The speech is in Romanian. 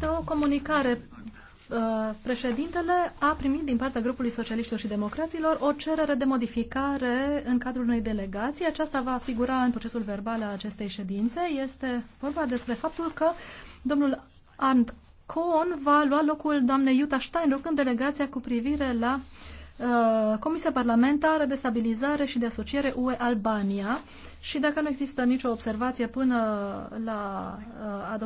este o comunicare. Uh, președintele a primit din partea grupului socialiștilor și democraților o cerere de modificare în cadrul unei delegații. Aceasta va figura în procesul verbal al acestei ședințe. Este vorba despre faptul că domnul Arndt Cohn va lua locul doamnei Iuta Steinruck în delegația cu privire la uh, Comisia Parlamentară de Stabilizare și de Asociere UE Albania și dacă nu există nicio observație până la uh, adoptarea